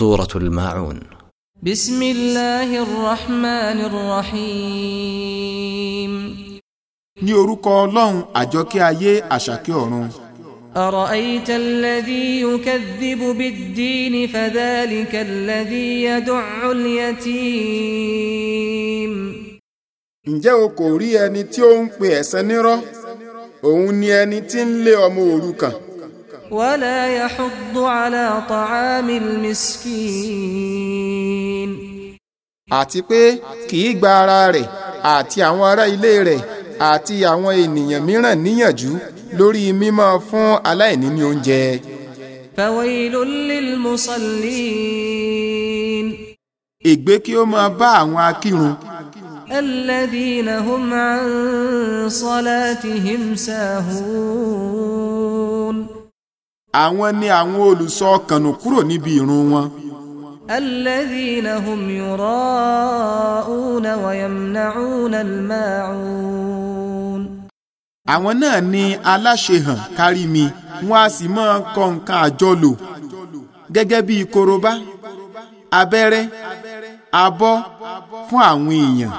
سورة الماعون بسم الله الرحمن الرحيم ní orúkọ ọlọ́run àjọkẹ́ ayé àṣàkẹ́ ọ̀run. أرأيت الذي يكذب بالدين فذلك الذي يدع اليتيم. ǹjẹ́ o kò rí ẹni tí ó ń pe ẹ̀san nírọ́ òun ni ẹni tí ń lé ọmọ òrukàn. ولا يحض على طعام المسكين. àti pé kì í gba ara rẹ̀ àti àwọn ará ilé rẹ̀ àti àwọn ènìyàn mìíràn níyànjú lórí mímọ́ fún aláìní ní oúnjẹ. فويل للمصلين. ègbé kí ó máa bá àwọn akírun. الذين هم عن صلاتهم ساهون àwọn ni àwọn olùsọ kànù kúrò níbi ìrun wọn. الذين هم يراءون ويمنعون الماعون àwọn náà ni aláṣehàn kárí mi wọn a sì máa kọ nǹkan àjọlò gẹ́gẹ́ bíi korobá abẹ́rẹ́ abọ́ fún àwọn èèyàn.